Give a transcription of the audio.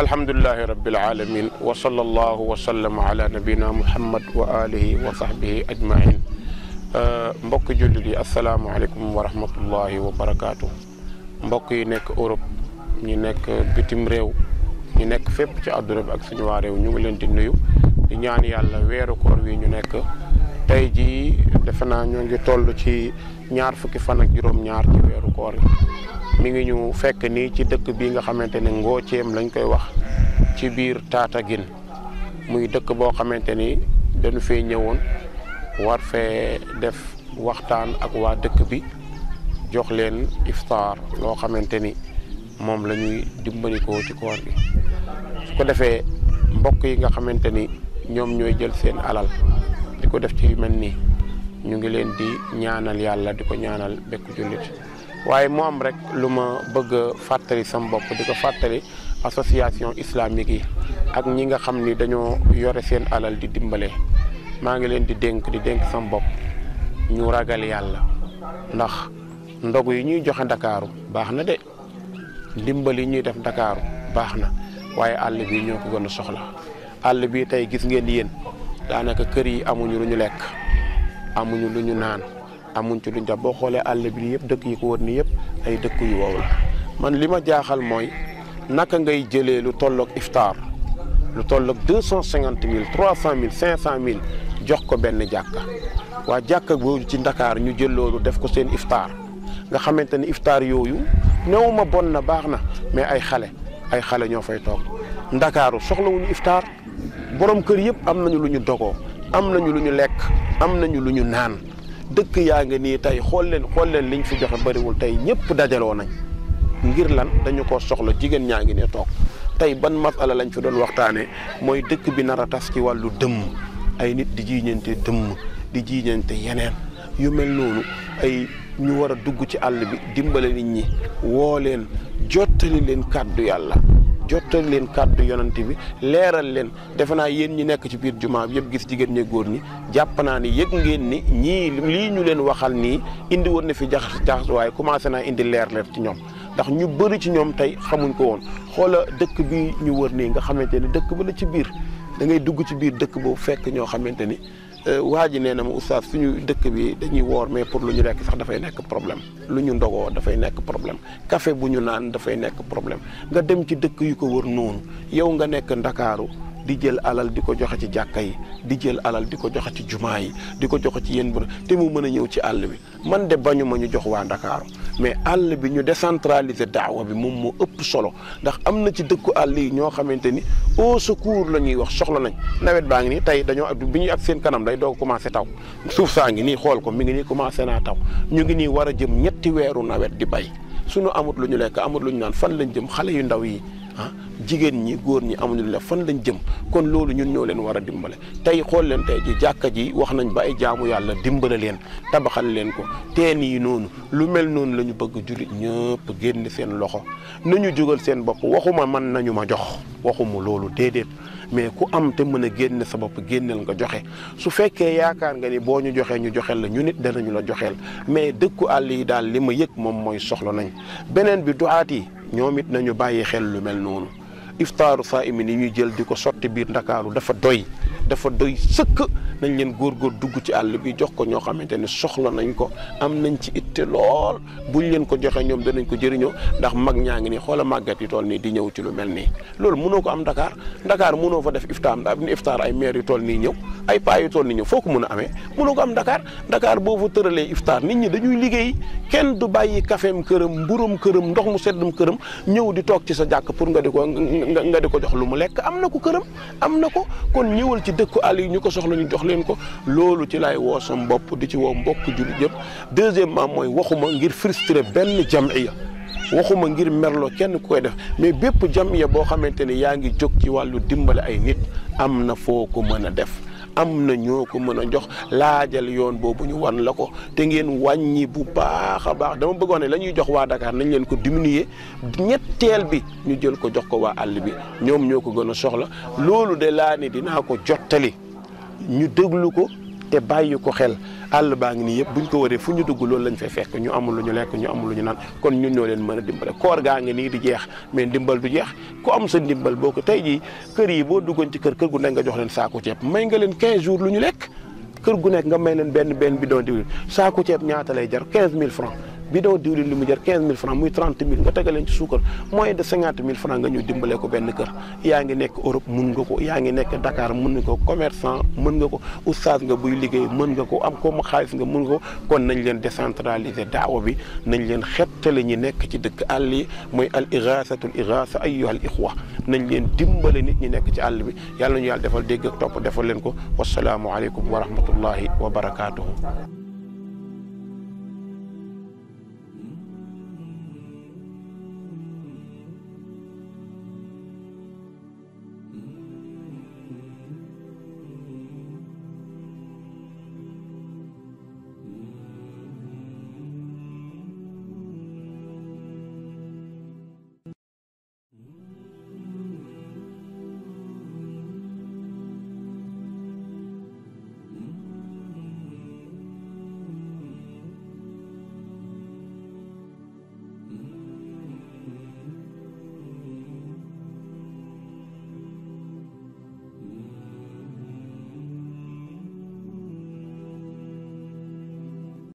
alhamdulilahi rabbil alamin wa sallallahu wa sallam ala nabina muhammad wa alihi wa sahbihi ajmain uh, mbokk jullit yi asalaamualeykum wa rahmatullahi wa barakaatu mbokk yi nekk Europe ñu nekk bitim réew ñu nekk fépp ci àdduna bi ak suñu waa réew ñu ngi leen di nuyu di ñaan yàlla weeru koor wi ñu nekk tey jii defe naa ñoo ngi toll ci ñaar fukki fan ak juróom-ñaar ci weeru koor yi mi ngi ñu fekk nii ci dëkk bii nga xamante ni ngoo Ngocéem lañ koy wax ci biir Tataguine muy dëkk boo xamante ni dañu fee ñëwoon war fee def waxtaan ak waa dëkk bi jox leen iftaar loo xamante ni moom la ñuy dimbalikoo ci koor gi su ko defee mbokk yi nga xamante ni ñoom ñooy jël seen alal ko def ci yu mel nii ñu ngi leen di ñaanal yàlla di ko ñaanal bekk jullit waaye mu am rek lu ma bëgg a fàttali sam bopp di ko fàttali association islamique yi ak ñi nga xam ni dañoo yore seen alal di dimbale maa ngi leen di dénk di dénk sam bopp ñu ragal yàlla ndax ndog yi ñuy joxe ndakaaru baax na de dimbal yi ñuy def ndakaaru baax na waaye àll bi ñoo ko gën a soxla àll bi tey gis ngeen yéen daanaka kër yi amuñu lu ñu lekk amuñu lu ñu naan amuñ ci luñ def boo xoolee àll bi yëpp dëkk yi ko wër ni yëpp ay dëkk yu wow la man li ma jaaxal mooy naka ngay jëlee lu tolloog iftaar lu tolloog deux cent cinquante mille trois cent mille cinq cent mille jox ko benn jàkka waa jàkka boobu ci Ndakaar ñu jël loolu def ko seen iftaar nga xamante ne iftaar yooyu néew ma bon na baax na mais ay xale ay xale ñoo fay toog Ndakaaru soxlawuñu iftaar. borom kër yëpp am nañu lu ñu dogoo am nañu lu ñu lekk am nañu lu ñu naan dëkk yaa ngi nii tey xool leen xool leen liñ fi joxe bariwul tey ñëpp dajaloo nañ ngir lan dañu ko soxla jigéen ñaa ngi ne toog tey ban masala lañ fi doon waxtaanee mooy dëkk bi nar a tas ci wàllu dëmm ay nit di jiiñante dëmm di jiiñante yeneen yu mel noonu ay ñu war a dugg ci àll bi dimbale nit ñi woo leen jottali leen kàddu yàlla jottali leen kàddu yonent bi leeral leen defe naa yéen ñi nekk ci biir jumaa bi yëpp gis jigéen ñi góor ñi jàpp naa ni yëg ngeen ni ñii lii ñu leen waxal nii indi woon na fi jaxas jaxas waaye commencé naa indi leer leer ci ñoom ndax ñu bëri ci ñoom tey xamuñ ko woon xoola dëkk bi ñu wër nii nga xamante ni dëkk ba la ci biir da ngay dugg ci biir dëkk boobu fekk ñoo xamante ni Euh, waa ji nee na ma oustaz suñu dëkk bi dañuy woor mais pour lu ñu lekk sax dafay nekk problème lu ñu ndogoo dafay nekk problème kafe bu ñu naan dafay nekk problème nga dem ci dëkk yu ko wër noonu yow nga nekk ndakaaru di jël alal di ko joxe ci jàkka yi di jël alal di ko joxe ci jumaa yi di ko joxe ci yéen bu te mu mën a ñëw ci àll bi man de bañu ma ñu jox waa Ndakaaru mais àll bi ñu décentraliser daawa bi moom moo ëpp solo ndax am na ci dëkku àll yi ñoo xamante ni au secours la ñuy wax soxla nañ nawet baa ngi nii tey dañoo ak bi ñuy ak seen kanam lay doog commencé taw suuf saa ngi nii xool ko mi ngi nii commencé naa taw ñu ngi nii war a jëm ñetti weeru nawet di bay suñu amut lu ñu lekk amut lu ñu naan fan lañ jëm xale yu ndaw yi ah jigéen ñi góor ñi amuñu la fan lañ jëm kon loolu ñun ñoo leen war a dimbale tey xool leen tey ji jàkka ji wax nañ ba ay jaamu yàlla dimbale leen tabaxal leen ko teen yi noonu lu mel noonu la ñu bëgg jullit ñëpp génn seen loxo nañu jógal seen bopp waxuma man nañu ma jox waxuma loolu déedéet mais ku am te mën a génn sa bopp génneel nga joxe su fekkee yaakaar nga ni boo ñu joxee ñu joxeel la ñu nit danañu la joxeel mais dëkku àll yi daal li ma yëg moom mooy soxla nañ ñoom it na ñu bàyyi xel lu mel noonu iftaaru saa imin yi ñuy jël di ko sotti biir ndakaaru dafa doy dafa doy sëkk nañ leen góor góor dugg ci àll bi jox ko ñoo xamante ne soxla nañ ko am nañ ci itte lool ñu leen ko joxee ñoom danañ ko jëriñoo ndax mag ñaa ngi nii xoola màggat yi tool nii di ñëw ci lu mel nii loolu mënoo ko am Dakar Dakar mënoo fa def iftaar ndax iftaar ay maire yu tool nii ñëw ay paa yu tool foo ko mën amee mënoo ko am Dakar Dakar tëralee iftaar nit ñi dañuy liggéey kenn du bàyyi kafeem këram mburum këram ndox mu seddum këram ñëw di toog ci sa jàkk pour nga di ko nga di ko jox lu mu lekk am na ko këram am na ko kon ñëwal ci dëkku àll yi ñu ko soxla ñu jox leen ko loolu ci laay woo sam bopp di ci woo mbokk jullit yëpp deuxièmement mooy waxuma ngir frustré benn jamiya waxuma ngir merloo kenn ku koy def mais bépp jam jamiya boo xamante ne yaa ngi jóg ci wàllu dimbale ay nit am na foo ko mën a def am na ñoo ko mën a jox laajal yoon boobu ñu wan la ko te ngeen wàññi bu baax a baax dama bëggoon ne la ñuy jox waa Dakar nañ leen ko diminuer ñetteel bi ñu jël ko jox ko waa àll bi ñoom ñoo ko gën a soxla loolu de laa ne dinaa ko jottali ñu déglu ko. te bàyyi ko xel àll baa ngi nii yëpp buñ ko waree fu ñu dugg loolu lañ fay fekk ñu amul lu ñu lekk ñu amul lu ñu naan kon ñun ñoo leen mën a dimbale koor gaa ngi nii di jeex mais ndimbal du jeex ko am sa ndimbal boo ko tey jii kër yi boo duggoon ci kër kër gu nekk nga jox leen saako ceeb may nga leen 15 jours lu ñu lekk kër gu nekk nga may leen benn benn bidon diwlin saako ceeb ñaata lay jar mille francs bidon diwlin li mu jar quinze mille francs muy trente mille nga tegaleen ci suukar moins de cinquante mille francs nga ñëw dimbalee ko benn kër yaa ngi nekk Europe mun nga ko yaa ngi nekk Dakar mun nga ko commerçant mën nga ko oustaz nga buy liggéey mën nga ko am comme xaalis nga mun nga ko kon nañ leen décentraliser daawa bi nañ leen xettale ñi nekk ci dëkk àll yi mooy al iraasatul iraasa ayyuhal ixwa nañ leen dimbale nit ñi nekk ci àll bi yàlla ñu yàlla defal dégg ak topp defal leen ko wasalaamu aleykum wa rahmatullahi wa barakaatuhu